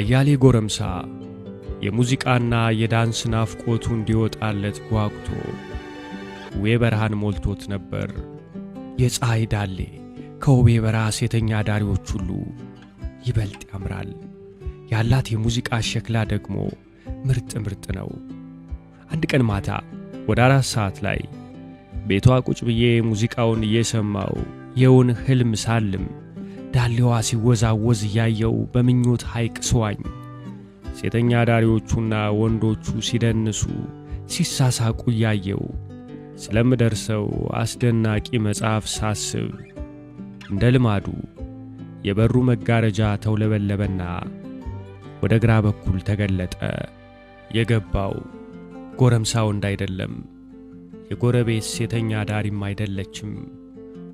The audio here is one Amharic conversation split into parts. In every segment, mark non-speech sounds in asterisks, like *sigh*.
አያሌ ጎረምሳ የሙዚቃና የዳንስ ናፍቆቱ እንዲወጣለት ጓጉቶ ውቤ በረሃን ሞልቶት ነበር። የፀሐይ ዳሌ ከውቤ በረሃ ሴተኛ ዳሪዎች ሁሉ ይበልጥ ያምራል። ያላት የሙዚቃ ሸክላ ደግሞ ምርጥ ምርጥ ነው። አንድ ቀን ማታ ወደ አራት ሰዓት ላይ ቤቷ ቁጭ ብዬ ሙዚቃውን እየሰማው የውን ሕልም ሳልም ዳሌዋ ሲወዛወዝ እያየው በምኞት ሐይቅ ስዋኝ ሴተኛ ዳሪዎቹና ወንዶቹ ሲደንሱ ሲሳሳቁ እያየው ስለምደርሰው አስደናቂ መጽሐፍ ሳስብ እንደ ልማዱ የበሩ መጋረጃ ተውለበለበና ወደ ግራ በኩል ተገለጠ። የገባው ጎረምሳው እንዳይደለም የጎረቤት ሴተኛ ዳሪም አይደለችም።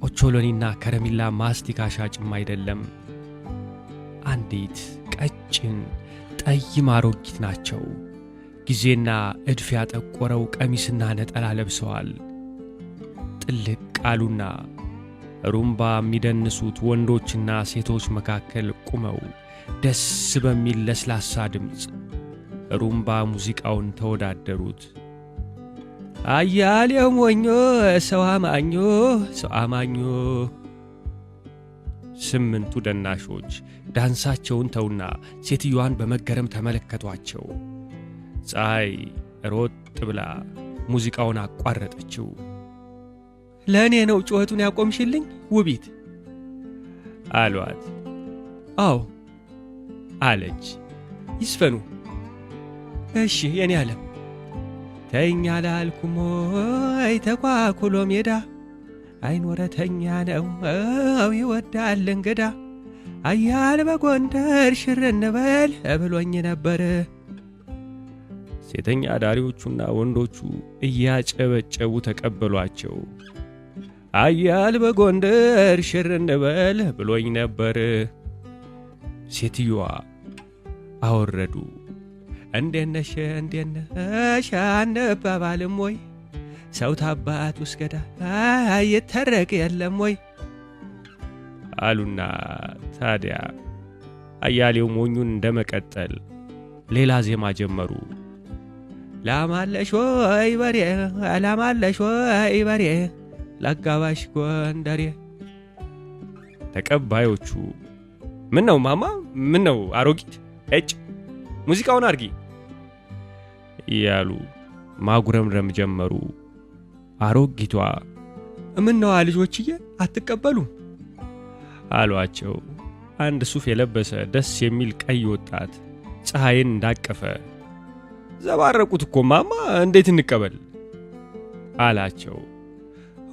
ኦቾሎኒና ከረሚላ ማስቲካ ሻጭም አይደለም። አንዲት ቀጭን ጠይም አሮጊት ናቸው። ጊዜና እድፍ ያጠቆረው ቀሚስና ነጠላ ለብሰዋል። ጥልቅ ቃሉና ሩምባ የሚደንሱት ወንዶችና ሴቶች መካከል ቁመው ደስ በሚል ለስላሳ ድምፅ ሩምባ ሙዚቃውን ተወዳደሩት። አያሌው ሞኞ ሰው አማኞ ሰው አማኞ። ስምንቱ ደናሾች ዳንሳቸውን ተውና ሴትዮዋን በመገረም ተመለከቷቸው። ፀሐይ ሮጥ ብላ ሙዚቃውን አቋረጠችው። ለእኔ ነው ጩኸቱን ያቆምሽልኝ ውቢት አሏት። አዎ አለች። ይስፈኑ። እሺ የኔ ዓለም ተኛ ላልኩም ወይ ተኳኩሎ ሜዳ አይኖረተኛ ነው ይወዳል እንግዳ አያል በጎንደር ሽር እንበል ብሎኝ ነበር። ሴተኛ አዳሪዎቹና ወንዶቹ እያጨበጨቡ ተቀበሏቸው። አያል በጎንደር ሽር እንበል ብሎኝ ነበር። ሴትዮዋ አወረዱ። እንዴት ነሽ እንዴት አንባባልም ወይ ሰው ታባት ውስጥ ገዳ አይተረቅ የለም ወይ አሉና ታዲያ አያሌው ሞኙን እንደመቀጠል ሌላ ዜማ ጀመሩ። ላማለሽ ወይ በሬ ላማለሽ ወይ በሬ ላጋባሽ ጎንደሬ። ተቀባዮቹ ምን ነው ማማ፣ ምን ነው አሮጊት፣ እጭ ሙዚቃውን አርጊ እያሉ ማጉረምረም ጀመሩ። አሮጊቷ እምነዋ ልጆችዬ አትቀበሉ አሏቸው። አንድ ሱፍ የለበሰ ደስ የሚል ቀይ ወጣት ፀሐይን እንዳቀፈ ዘባረቁት እኮ ማማ፣ እንዴት እንቀበል አላቸው።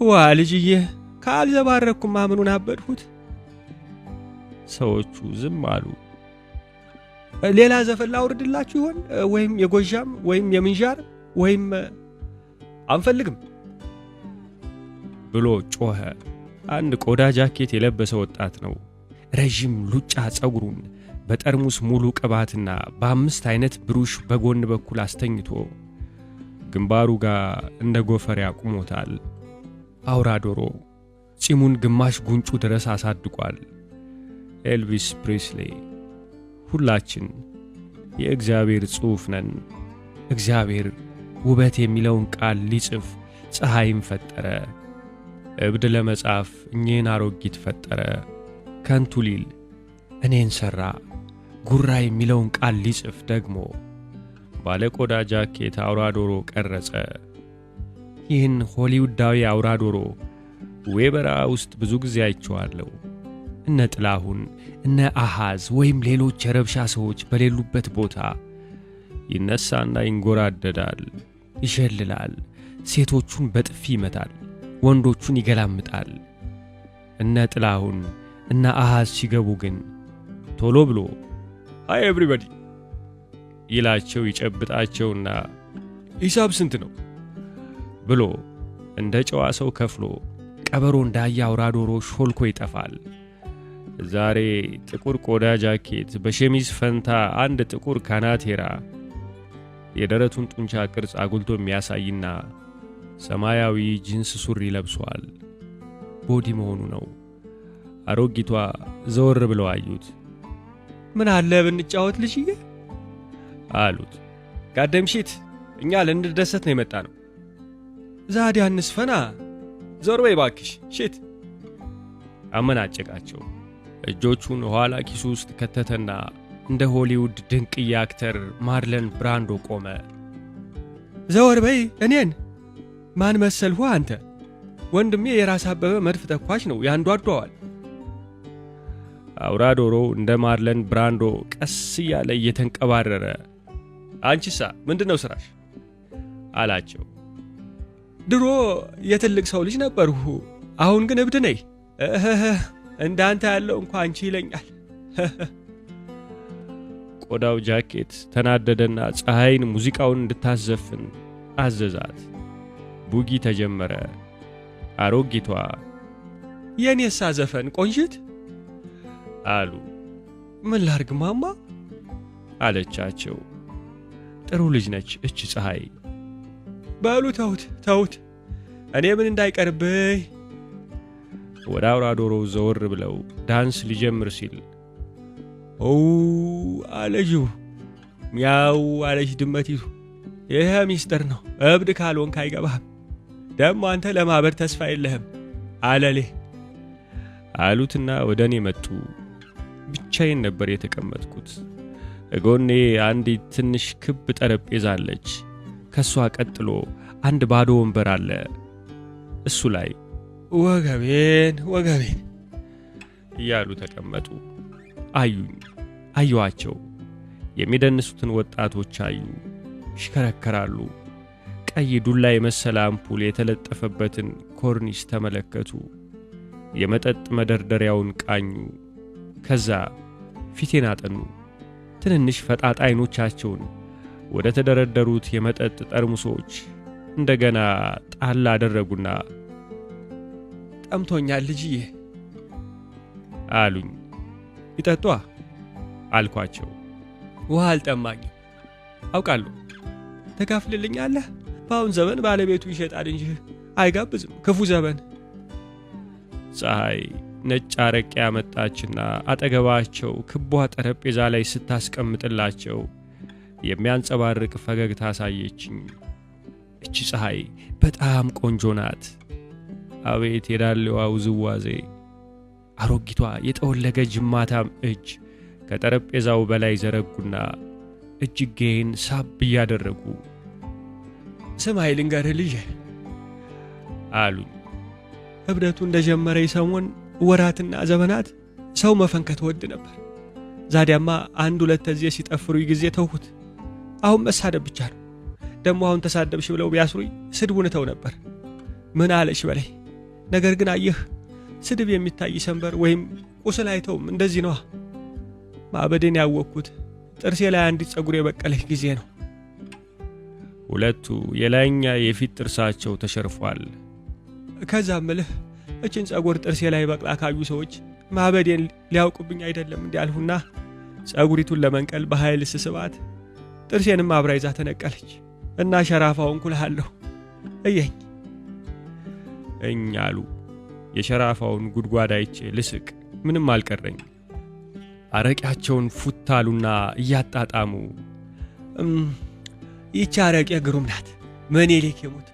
ዋ ልጅዬ፣ ካልዘባረቅኩም ምኑን አበድሁት። ሰዎቹ ዝም አሉ። ሌላ ዘፈን ላውርድላችሁ ይሆን? ወይም የጎዣም ወይም የምንዣር ወይም አንፈልግም ብሎ ጮኸ። አንድ ቆዳ ጃኬት የለበሰ ወጣት ነው። ረዥም ሉጫ ጸጉሩን በጠርሙስ ሙሉ ቅባትና በአምስት አይነት ብሩሽ በጎን በኩል አስተኝቶ ግንባሩ ጋር እንደ ጎፈር ያቁሞታል አውራ ዶሮ ፂሙን ግማሽ ጉንጩ ድረስ አሳድቋል። ኤልቪስ ፕሪስሌ ሁላችን የእግዚአብሔር ጽሑፍ ነን። እግዚአብሔር ውበት የሚለውን ቃል ሊጽፍ ፀሐይም ፈጠረ። እብድ ለመጻፍ እኚህን አሮጊት ፈጠረ። ከንቱ ሊል እኔን ሠራ። ጉራ የሚለውን ቃል ሊጽፍ ደግሞ ባለ ቆዳ ጃኬት አውራ ዶሮ ቀረጸ። ይህን ሆሊውዳዊ አውራ ዶሮ ዌበራ ውስጥ ብዙ ጊዜ አይቼዋለሁ። እነ ጥላሁን እነ አሃዝ ወይም ሌሎች የረብሻ ሰዎች በሌሉበት ቦታ ይነሳና ይንጎራደዳል፣ ይሸልላል፣ ሴቶቹን በጥፊ ይመታል፣ ወንዶቹን ይገላምጣል። እነ ጥላሁን እነ አሃዝ ሲገቡ ግን ቶሎ ብሎ አይ ኤቭሪባዲ ይላቸው ይጨብጣቸውና ሂሳብ ስንት ነው ብሎ እንደ ጨዋ ሰው ከፍሎ ቀበሮ እንዳያ አውራ ዶሮ ሾልኮ ይጠፋል። ዛሬ ጥቁር ቆዳ ጃኬት በሸሚዝ ፈንታ አንድ ጥቁር ካናቴራ የደረቱን ጡንቻ ቅርጽ አጉልቶ የሚያሳይና ሰማያዊ ጂንስ ሱሪ ለብሷል። ቦዲ መሆኑ ነው። አሮጊቷ ዘወር ብለው አዩት። ምን አለ ብንጫወት ልጅዬ? አሉት። ጋደምሽት እኛ ልንደሰት ነው የመጣ ነው። ዛዲያ እንስፈና። ዞር በይ እባክሽ ሽት አመናጨቃቸው። እጆቹን ኋላ ኪሱ ውስጥ ከተተና እንደ ሆሊውድ ድንቅዬ አክተር ማርለን ብራንዶ ቆመ። ዘወር በይ እኔን ማን መሰልሁ? አንተ? ወንድሜ የራስ አበበ መድፍ ተኳሽ ነው ያንዷዷዋል። አውራ ዶሮ እንደ ማርለን ብራንዶ ቀስ እያለ እየተንቀባረረ አንቺሳ ምንድን ነው ስራሽ? አላቸው። ድሮ የትልቅ ሰው ልጅ ነበርሁ፣ አሁን ግን እብድ ነይ እንዳንተ ያለው እንኳ አንቺ ይለኛል። *laughs* ቆዳው ጃኬት ተናደደና ፀሐይን ሙዚቃውን እንድታዘፍን አዘዛት። ቡጊ ተጀመረ። አሮጊቷ የኔሳ ዘፈን ቆንጅት አሉ። ምን ላርግ ማማ አለቻቸው። ጥሩ ልጅ ነች እች ፀሐይ። በሉ ተውት ተውት፣ እኔ ምን እንዳይቀርብኝ ወደ አውራ ዶሮው ዘወር ብለው ዳንስ ሊጀምር ሲል ኦው አለጅሁ ሚያው አለች ድመቲቱ። ይህ ሚስጥር ነው፣ እብድ ካልሆንክ አይገባህም። ደሞ አንተ ለማበር ተስፋ የለህም አለሌ አሉትና ወደ እኔ መጡ። ብቻዬን ነበር የተቀመጥኩት። እጎኔ አንዲት ትንሽ ክብ ጠረጴዛ አለች። ከእሷ ቀጥሎ አንድ ባዶ ወንበር አለ። እሱ ላይ ወገቤን ወገቤን እያሉ ተቀመጡ። አዩኝ፣ አየዋቸው የሚደንሱትን ወጣቶች አዩ። ይሽከረከራሉ። ቀይ ዱላ የመሰለ አምፑል የተለጠፈበትን ኮርኒስ ተመለከቱ። የመጠጥ መደርደሪያውን ቃኙ። ከዛ ፊቴን አጠኑ። ትንንሽ ፈጣጣ አይኖቻቸውን ወደ ተደረደሩት የመጠጥ ጠርሙሶች እንደገና ጣል አደረጉና ጠምቶኛል ልጅዬ አሉኝ። ይጠጧ አልኳቸው። ውሃ አልጠማኝ አውቃሉ ተካፍልልኛለህ? በአሁን ዘመን ባለቤቱ ይሸጣል እንጂ አይጋብዝም። ክፉ ዘመን። ፀሐይ ነጭ አረቄ ያመጣችና አጠገባቸው ክቧ ጠረጴዛ ላይ ስታስቀምጥላቸው የሚያንጸባርቅ ፈገግታ አሳየችኝ። እቺ ፀሐይ በጣም ቆንጆ ናት። አቤት የዳሌዋ ውዝዋዜ! አሮጊቷ የጠወለገ ጅማታም እጅ ከጠረጴዛው በላይ ዘረጉና እጅጌን ሳብ እያደረጉ ስማይ ልንገር ልጅ አሉኝ። እብደቱ እንደ ጀመረ ሰሞን ወራትና ዘመናት ሰው መፈንከት ወድ ነበር። ዛዲያማ አንድ ሁለት ተዚህ ሲጠፍሩ ጊዜ ተውሁት። አሁን መሳደብ ብቻ ነው። ደግሞ አሁን ተሳደብሽ ብለው ቢያስሩኝ ስድቡን እተው ነበር። ምን አለሽ በላይ ነገር ግን አየህ ስድብ የሚታይ ሰንበር ወይም ቁስል አይተውም። እንደዚህ ነዋ። ማዕበዴን ያወቅኩት ጥርሴ ላይ አንዲት ጸጉር የበቀለች ጊዜ ነው። ሁለቱ የላይኛ የፊት ጥርሳቸው ተሸርፏል። ከዛ ምልህ እችን ጸጉር ጥርሴ ላይ በቅላ ካዩ ሰዎች ማበዴን ሊያውቁብኝ አይደለም እንዲያልሁና ጸጉሪቱን ለመንቀል በኃይል ስስባት ጥርሴንም አብራ ይዛ ተነቀለች እና ሸራፋውን ኩልሃለሁ እየኝ እኝ አሉ። የሸራፋውን ጉድጓድ አይቼ ልስቅ፣ ምንም አልቀረኝ። አረቂያቸውን ፉታሉና እያጣጣሙ ይቺ አረቄ ግሩም ናት፣ መኔሌክ የሙት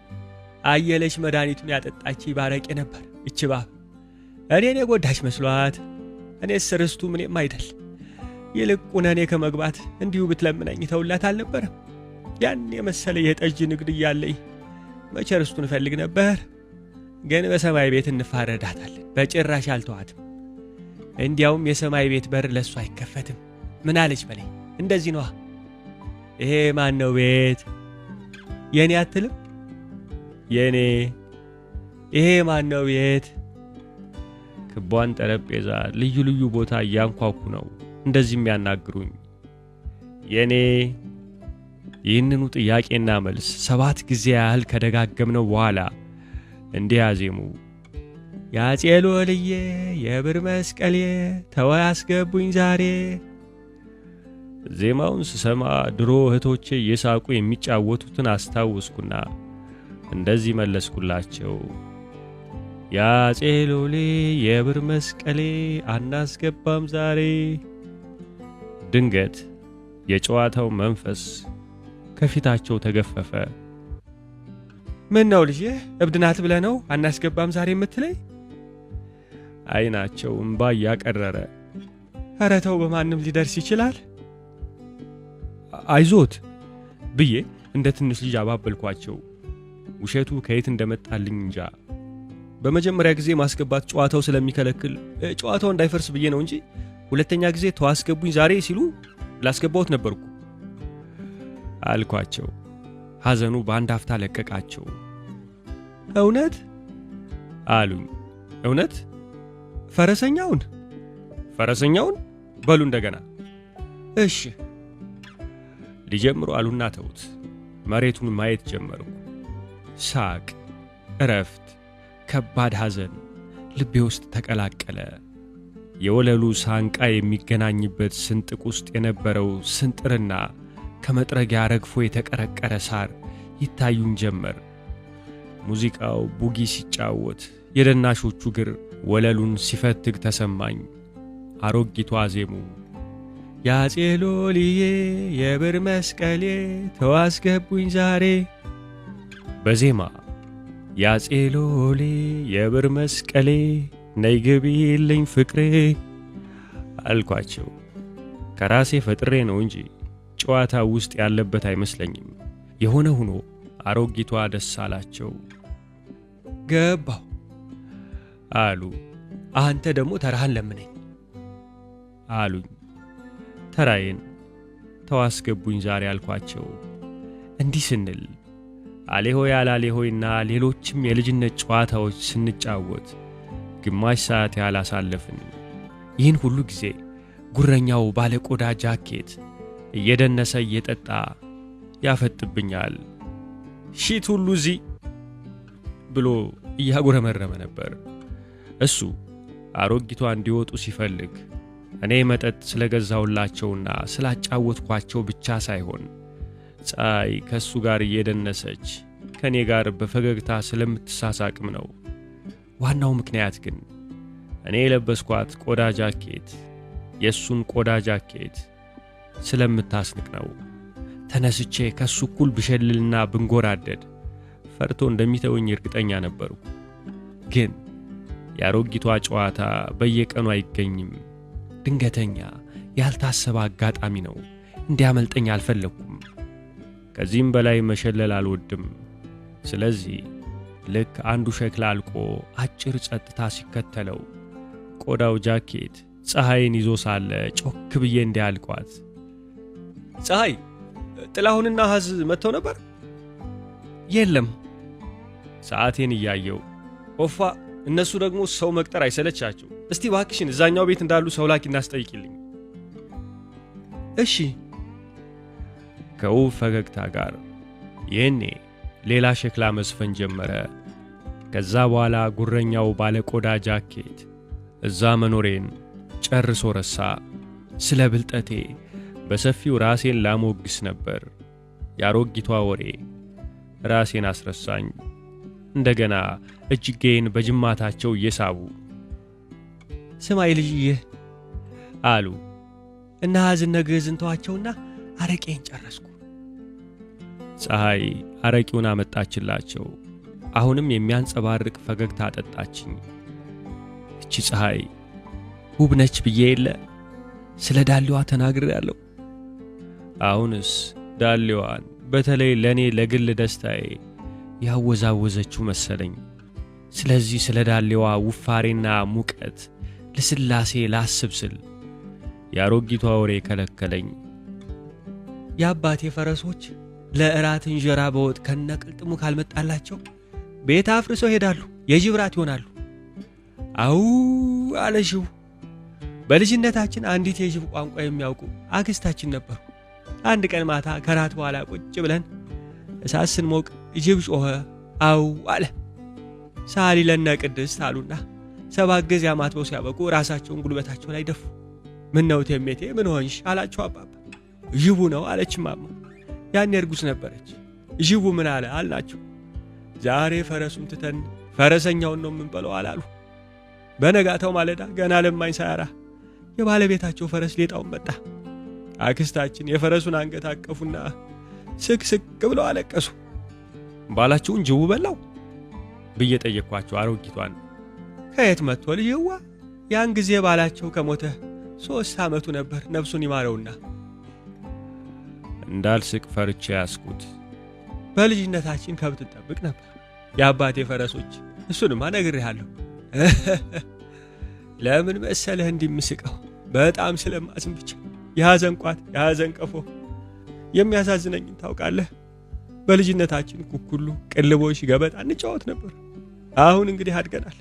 አየለች መድኃኒቱን ያጠጣች ባረቄ ነበር። እች እኔ እኔን የጎዳች መስሏት፣ እኔስ ርስቱ ምንም አይደል። ይልቁን እኔ ከመግባት እንዲሁ ብትለምነኝ ተውላት አልነበረም። ያን የመሰለ የጠጅ ንግድ እያለኝ መቼ ርስቱን እፈልግ ነበር። ግን በሰማይ ቤት እንፋረዳታለን። በጭራሽ አልተዋትም። እንዲያውም የሰማይ ቤት በር ለእሱ አይከፈትም። ምን አለች በለኝ። እንደዚህ ነዋ። ይሄ ማን ነው ቤት? የኔ አትልም? የኔ ይሄ ማን ነው ቤት? ክቧን ጠረጴዛ ልዩ ልዩ ቦታ እያንኳኩ ነው እንደዚህ የሚያናግሩኝ። የኔ ይህንኑ ጥያቄና መልስ ሰባት ጊዜ ያህል ከደጋገምነው በኋላ እንዲህ አዜሙ። የአፄ ልወልዬ የብር መስቀሌ ተወይ አስገቡኝ ዛሬ። ዜማውን ስሰማ ድሮ እህቶቼ እየሳቁ የሚጫወቱትን አስታውስኩና እንደዚህ መለስኩላቸው። የአፄ ሎሌ የብር መስቀሌ አናስገባም ዛሬ። ድንገት የጨዋታው መንፈስ ከፊታቸው ተገፈፈ። ምን ነው ልጄ፣ እብድ ናት ነው አናስገባም ዛሬ የምትለይ? አይናቸው እምባ እያቀረረ ረተው በማንም ሊደርስ ይችላል፣ አይዞት ብዬ እንደ ትንሽ ልጅ አባበልኳቸው። ውሸቱ ከየት እንደመጣልኝ እንጃ። በመጀመሪያ ጊዜ ማስገባት ጨዋታው ስለሚከለክል ጨዋታው እንዳይፈርስ ብዬ ነው እንጂ ሁለተኛ ጊዜ ተዋስገቡኝ ዛሬ ሲሉ ላስገባውት ነበርኩ አልኳቸው። ሐዘኑ በአንድ አፍታ ለቀቃቸው። እውነት አሉኝ። እውነት ፈረሰኛውን ፈረሰኛውን በሉ እንደገና። እሺ ሊጀምሩ አሉና ተውት። መሬቱን ማየት ጀመሩ። ሳቅ፣ እረፍት፣ ከባድ ሐዘን ልቤ ውስጥ ተቀላቀለ። የወለሉ ሳንቃ የሚገናኝበት ስንጥቅ ውስጥ የነበረው ስንጥርና ከመጥረጊያ ረግፎ የተቀረቀረ ሳር ይታዩኝ ጀመር። ሙዚቃው ቡጊ ሲጫወት የደናሾቹ እግር ወለሉን ሲፈትግ ተሰማኝ። አሮጊቷ አዜሙ። ያጼ ሎልዬ የብር መስቀሌ ተዋስገቡኝ ዛሬ በዜማ ያጼ ሎሌ የብር መስቀሌ ነይ ግቢልኝ ፍቅሬ አልኳቸው። ከራሴ ፈጥሬ ነው እንጂ ጨዋታ ውስጥ ያለበት አይመስለኝም። የሆነ ሆኖ አሮጊቷ ደስ አላቸው። ገባሁ አሉ። አንተ ደግሞ ተራህን ለምነኝ አሉኝ። ተራዬን ተዋስገቡኝ ዛሬ አልኳቸው። እንዲህ ስንል አሌሆይ አላሌሆይና ሌሎችም የልጅነት ጨዋታዎች ስንጫወት ግማሽ ሰዓት ያላሳለፍን ይህን ሁሉ ጊዜ ጉረኛው ባለቆዳ ጃኬት እየደነሰ እየጠጣ ያፈጥብኛል ሺት ሁሉ እዚህ ብሎ እያጉረመረመ ነበር። እሱ አሮጊቷ እንዲወጡ ሲፈልግ እኔ መጠጥ ስለገዛውላቸውና ስላጫወትኳቸው ብቻ ሳይሆን ፀሐይ ከእሱ ጋር እየደነሰች ከእኔ ጋር በፈገግታ ስለምትሳሳቅም ነው። ዋናው ምክንያት ግን እኔ የለበስኳት ቆዳ ጃኬት የእሱን ቆዳ ጃኬት ስለምታስንቅ ነው። ተነስቼ ከሱ እኩል ብሸልልና ብንጎራደድ ፈርቶ እንደሚተወኝ እርግጠኛ ነበርኩ። ግን የአሮጊቷ ጨዋታ በየቀኑ አይገኝም። ድንገተኛ፣ ያልታሰበ አጋጣሚ ነው። እንዲያመልጠኝ አልፈለኩም። ከዚህም በላይ መሸለል አልወድም። ስለዚህ ልክ አንዱ ሸክላ አልቆ አጭር ጸጥታ ሲከተለው ቆዳው ጃኬት ፀሐይን ይዞ ሳለ ጮክ ብዬ እንዲያልቋት ፀሐይ፣ ጥላሁንና ሐዝ መጥተው ነበር? የለም። ሰዓቴን እያየው ኦፋ፣ እነሱ ደግሞ ሰው መቅጠር አይሰለቻቸው። እስቲ ባክሽን እዛኛው ቤት እንዳሉ ሰው ላኪ እናስጠይቅልኝ እሺ። ከውብ ፈገግታ ጋር ይህኔ ሌላ ሸክላ መዝፈን ጀመረ። ከዛ በኋላ ጉረኛው ባለቆዳ ጃኬት እዛ መኖሬን ጨርሶ ረሳ ስለ ብልጠቴ በሰፊው ራሴን ላሞግስ ነበር። ያሮጊቷ ወሬ ራሴን አስረሳኝ። እንደገና እጅጌን በጅማታቸው እየሳቡ ስማይ ልጅዬ አሉ እና ሐዝን ነገዝን ተዋቸውና አረቄን ጨረስኩ። ፀሐይ አረቂውን አመጣችላቸው። አሁንም የሚያንጸባርቅ ፈገግታ አጠጣችኝ። እቺ ፀሐይ ውብ ነች ብዬ የለ ስለ ዳሌዋ ተናግሬ ያለው አሁንስ ዳሌዋን በተለይ ለእኔ ለግል ደስታዬ ያወዛወዘችው መሰለኝ። ስለዚህ ስለ ዳሌዋ ውፋሬና ሙቀት፣ ልስላሴ ላስብ ስል የአሮጊቷ ወሬ ከለከለኝ። የአባቴ ፈረሶች ለእራት እንጀራ በወጥ ከነቅልጥሙ ካልመጣላቸው ቤት አፍርሰው ሄዳሉ፣ የጅብ ራት ይሆናሉ። አው አለሽው። በልጅነታችን አንዲት የጅብ ቋንቋ የሚያውቁ አክስታችን ነበሩ። አንድ ቀን ማታ ከራት በኋላ ቁጭ ብለን እሳት ስንሞቅ ጅብ ጮኸ፣ አው አለ። ለነ ቅድስት አሉና ሰባት ጊዜ አማትበው ሲያበቁ ራሳቸውን ጉልበታቸው ላይ ደፉ። ምን ነው ቴሜቴ ምን ሆንሽ አላቸው አባባ። ዥቡ ነው አለች ማማ። ያኔ እርጉስ ነበረች። ዥቡ ምን አለ አልናቸው። ዛሬ ፈረሱን ትተን ፈረሰኛውን ነው የምንበለው አላሉ። በነጋታው ማለዳ ገና ለማኝ ሳያራ የባለቤታቸው ፈረስ ሌጣውን መጣ። አክስታችን የፈረሱን አንገት አቀፉና ስቅስቅ ብለው አለቀሱ። ባላችሁን ጅቡ በላው ብዬ ጠየቅኳቸው አሮጊቷን። ከየት መጥቶ ልጅዋ? ያን ጊዜ ባላቸው ከሞተ ሦስት ዓመቱ ነበር፣ ነፍሱን ይማረውና። እንዳልስቅ ፈርቼ ያስኩት። በልጅነታችን ከብት ጠብቅ ነበር፣ የአባቴ ፈረሶች። እሱንማ ነግሬሃለሁ። *laughs* ለምን መሰለህ እንዲምስቀው? በጣም ስለማዝን ብቻ የሐዘን ቋት፣ የሐዘን ቀፎ። የሚያሳዝነኝን ታውቃለህ? በልጅነታችን ኩኩሉ፣ ቅልቦሽ፣ ገበጣ እንጫወት ነበር። አሁን እንግዲህ አድገናል።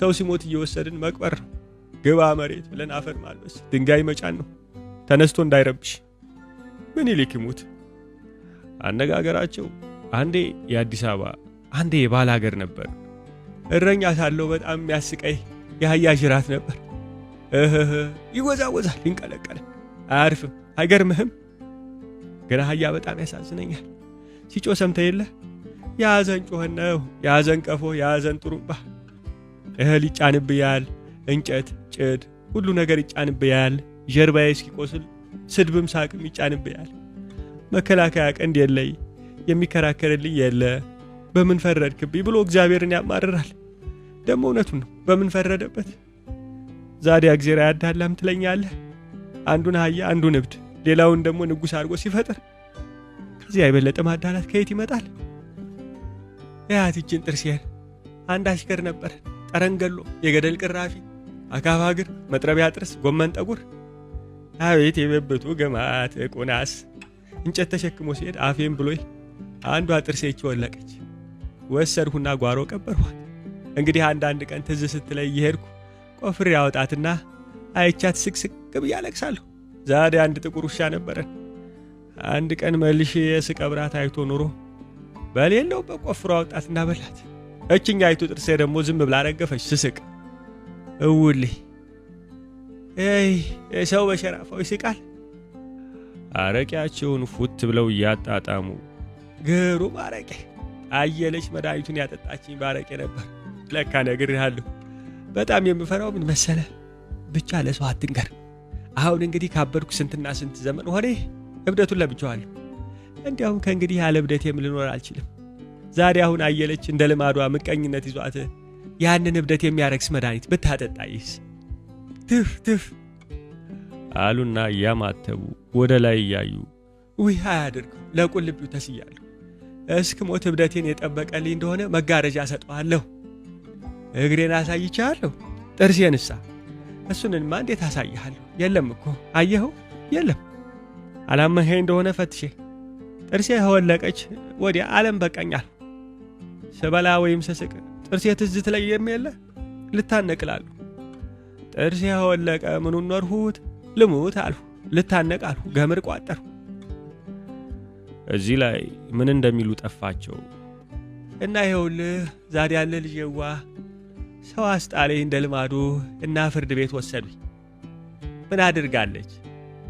ሰው ሲሞት እየወሰድን መቅበር ነው። ግባ መሬት ብለን አፈር ማልበስ፣ ድንጋይ መጫን ነው። ተነስቶ እንዳይረብሽ። ምኒልክ ይሙት አነጋገራቸው አንዴ የአዲስ አበባ አንዴ የባል ሀገር ነበር። እረኛ ሳለው በጣም የሚያስቀይ የአህያ ጅራት ነበር። እህህ ይወዛወዛል፣ ይንቀለቀላል። አያርፍም። አይገርምህም? ግን አህያ በጣም ያሳዝነኛል። ሲጮህ ሰምተ የለ? የሐዘን ጮኸት ነው፣ የሐዘን ቀፎ፣ የሐዘን ጥሩምባ። እህል ይጫንብያል፣ እንጨት፣ ጭድ፣ ሁሉ ነገር ይጫንብያል። ጀርባዬ እስኪቆስል ስድብም ሳቅም ይጫንብያል። መከላከያ ቀንድ የለይ፣ የሚከራከርልኝ የለ። በምን ፈረድክብኝ ብሎ እግዚአብሔርን ያማርራል። ደግሞ እውነቱን ነው። በምን ፈረደበት? ዛዲያ እግዜር አያዳላም ትለኛለህ። አንዱን አህያ አንዱን እብድ ሌላውን ደግሞ ንጉሥ አድርጎ ሲፈጥር ከዚህ የበለጠ ማዳላት ከየት ይመጣል? ያትችን ጥርሴን አንድ አሽከር ነበር። ጠረንገሎ፣ የገደል ቅራፊ፣ አካፋ እግር፣ መጥረቢያ ጥርስ፣ ጎመን ጠጉር። አቤት የበብቱ ገማት ቁናስ! እንጨት ተሸክሞ ሲሄድ አፌን ብሎኝ አንዷ ጥርሴች ወለቀች። ወሰድሁና ጓሮ ቀበርኋል እንግዲህ አንዳንድ ቀን ትዝ ስትለይ እየሄድኩ ቆፍሬ አወጣትና አይቻት ስቅስቅ ብዬ አለቅሳለሁ። ዛሬ አንድ ጥቁር ውሻ ነበረን። አንድ ቀን መልሼ የስቀብራት አይቶ ኑሮ በሌለው በቆፍሮ አውጣት እናበላት እችኛ አይቱ ጥርሴ ደግሞ ዝም ብላ ረገፈች ስስቅ እውሌ ይ ሰው በሸራፋው ይስቃል። አረቂያቸውን ፉት ብለው እያጣጣሙ ግሩም አረቄ አየለች። መድኃኒቱን ያጠጣችኝ ባረቄ ነበር። ለካ ነግሬሃለሁ። በጣም የምፈራው ምን መሰለህ? ብቻ ለሰው አትንገር። አሁን እንግዲህ ካበድኩ ስንትና ስንት ዘመን ሆኔ እብደቱን ለብቻዋለሁ። እንዲያውም ከእንግዲህ ያለ እብደቴም ልኖር አልችልም። ዛሬ አሁን አየለች እንደ ልማዷ ምቀኝነት ይዟት ያንን እብደት የሚያረግስ መድኃኒት ብታጠጣይስ? ትፍ ትፍ አሉና እያማተቡ ወደ ላይ እያዩ ውህ አያድርገው ለቁልቢው ተስያሉ። እስክ ሞት እብደቴን የጠበቀልኝ እንደሆነ መጋረጃ ሰጠዋለሁ። እግሬን አሳይቻለሁ ጥርሴንሳ እሱንንማ እንዴት አሳይሃለሁ? የለም እኮ አየኸው፣ የለም አላመሄ እንደሆነ ፈትሼ ጥርሴ ከወለቀች ወዲያ አለም በቀኛል። ስበላ ወይም ስስቅ ጥርሴ ትዝ ትለኝ የለ ልታነቅላሉ ጥርሴ ከወለቀ ምኑን ኖርሁት ልሙት አልሁ፣ ልታነቅ አልሁ፣ ገምር ቋጠርሁ። እዚህ ላይ ምን እንደሚሉ ጠፋቸው እና ይኸውልህ ዛሬ ያለ ልጄዋ ሰው አስጣለኝ እንደ ልማዱ እና ፍርድ ቤት ወሰዱኝ። ምን አድርጋለች?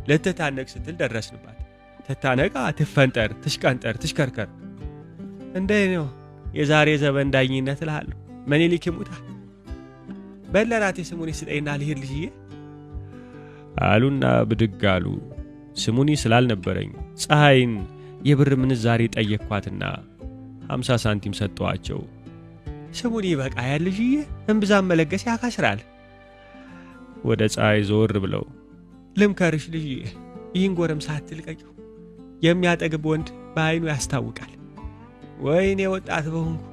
ልትታነቅ ስትል ደረስንባት። ትታነቃ፣ ትፈንጠር፣ ትሽቀንጠር፣ ትሽከርከር እንዴ ነው የዛሬ ዘመን ዳኝነት እልሃለሁ። ምኒልክ ይሙታ በለራቴ ስሙኒ ስጠኝና ልሄድ ልጅዬ አሉና ብድግ አሉ። ስሙኒ ስላልነበረኝ ፀሐይን የብር ምንዛሬ ጠየቅኳትና 50 ሳንቲም ሰጠዋቸው። ስሙን ያ ልጅዬ፣ እምብዛም መለገስ ያካስራል። ወደ ፀሐይ ዞር ብለው ልምከርሽ ልጅዬ፣ ይህን ጎረምሳ አትልቀቂው። የሚያጠግብ ወንድ በአይኑ ያስታውቃል። ወይኔ ወጣት በሆንኩ።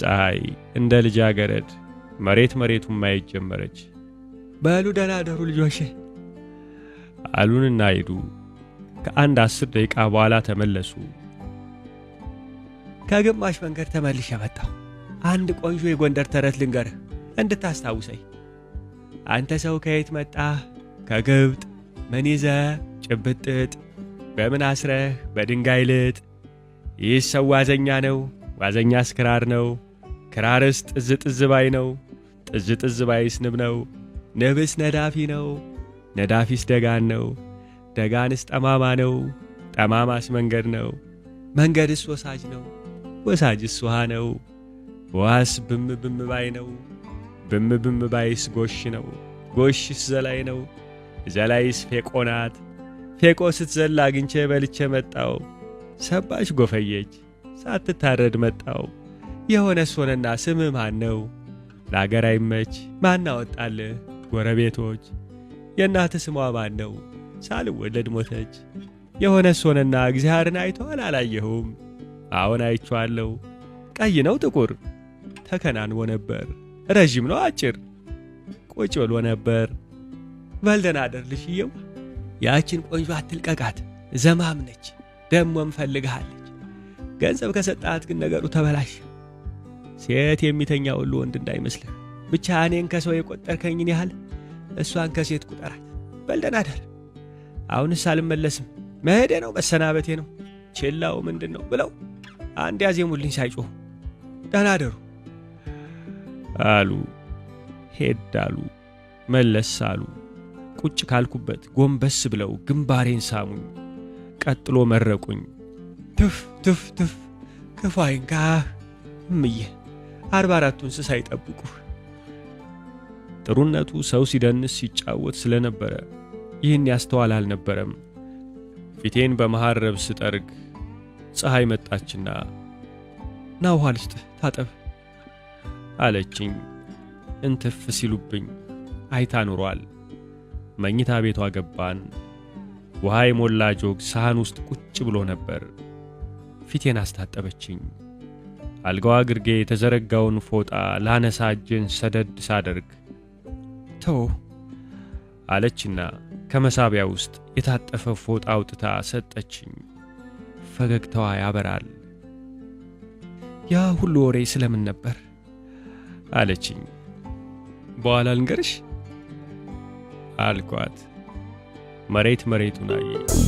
ፀሐይ እንደ ልጃገረድ መሬት መሬቱን ማየት ጀመረች። በሉ ደናደሩ አደሩ አሉንና ሄዱ። ከአንድ አስር ደቂቃ በኋላ ተመለሱ። ከግማሽ መንገድ ተመልሼ መጣሁ። አንድ ቆንጆ የጎንደር ተረት ልንገርህ እንድታስታውሰኝ። አንተ ሰው ከየት መጣህ? ከግብጥ ምን ይዘህ ጭብጥጥ፣ በምን አስረህ በድንጋይ ልጥ። ይህ ሰው ዋዘኛ ነው፣ ዋዘኛስ ክራር ነው፣ ክራርስ ጥዝ ጥዝ ባይ ነው፣ ጥዝ ጥዝ ባይስ ንብ ነው፣ ንብስ ነዳፊ ነው፣ ነዳፊስ ደጋን ነው፣ ደጋንስ ጠማማ ነው፣ ጠማማስ መንገድ ነው፣ መንገድስ ወሳጅ ነው፣ ወሳጅስ ውሃ ነው። ዋስ ብም ብም ባይ ነው። ብም ብም ባይስ ጎሽ ነው። ጎሽስ ዘላይ ነው። ዘላይስ ፌቆ ናት። ፌቆ ስትዘላ አግኝቼ በልቼ መጣው። ሰባሽ ጎፈየች ሳትታረድ መጣው። የሆነ ሶነና ስም ማን ነው? ለአገር አይመች ማን ጎረቤቶች የእናተ ስሟ ማን ነው? ሳልወለድ ሞተች። የሆነ ሶነና እግዚአብሔርን አይቷል አላየሁም አሁን አይቼዋለሁ። ቀይ ነው ጥቁር ተከናንቦ ነበር። ረዥም ነው አጭር፣ ቁጭ ብሎ ነበር። በልደና አደር ልሽየው፣ ያችን ቆንጆ አትልቀቃት፣ ዘማም ነች፣ ደሞም ፈልግሃለች። ገንዘብ ከሰጣት ግን ነገሩ ተበላሽ። ሴት የሚተኛ ሁሉ ወንድ እንዳይመስልህ። ብቻ እኔን ከሰው የቆጠርከኝን ያህል እሷን ከሴት ቁጠራት። በልደና አደር። አሁንስ አልመለስም፣ መሄዴ ነው፣ መሰናበቴ ነው። ችላው ምንድን ነው ብለው አንድ ያዜሙልኝ ሳይጮሁ ደናደሩ? አደሩ። አሉ። ሄድ አሉ። መለስ አሉ። ቁጭ ካልኩበት ጎንበስ ብለው ግንባሬን ሳሙኝ። ቀጥሎ መረቁኝ። ትፍ ትፍ ትፍ ክፋይን አይንካህ እምዬ፣ አርባ አራቱ እንስሳ ይጠብቁህ። ጥሩነቱ ሰው ሲደንስ ሲጫወት ስለነበረ ይህን ያስተዋል አልነበረም። ፊቴን በመሐረብ ስጠርግ ፀሐይ መጣችና ና ውሃ ልስጥህ ታጠብ አለችኝ። እንትፍ ሲሉብኝ አይታ ኑሯል። መኝታ ቤቷ ገባን። ውሃ የሞላ ጆግ ሳህን ውስጥ ቁጭ ብሎ ነበር። ፊቴን አስታጠበችኝ። አልጋዋ ግርጌ የተዘረጋውን ፎጣ ላነሳ እጄን ሰደድ ሳደርግ ተው አለችና ከመሳቢያ ውስጥ የታጠፈ ፎጣ አውጥታ ሰጠችኝ። ፈገግታዋ ያበራል። ያ ሁሉ ወሬ ስለምን ነበር? አለችኝ። በኋላ ልንገርሽ አልኳት። መሬት መሬቱን አየኝ።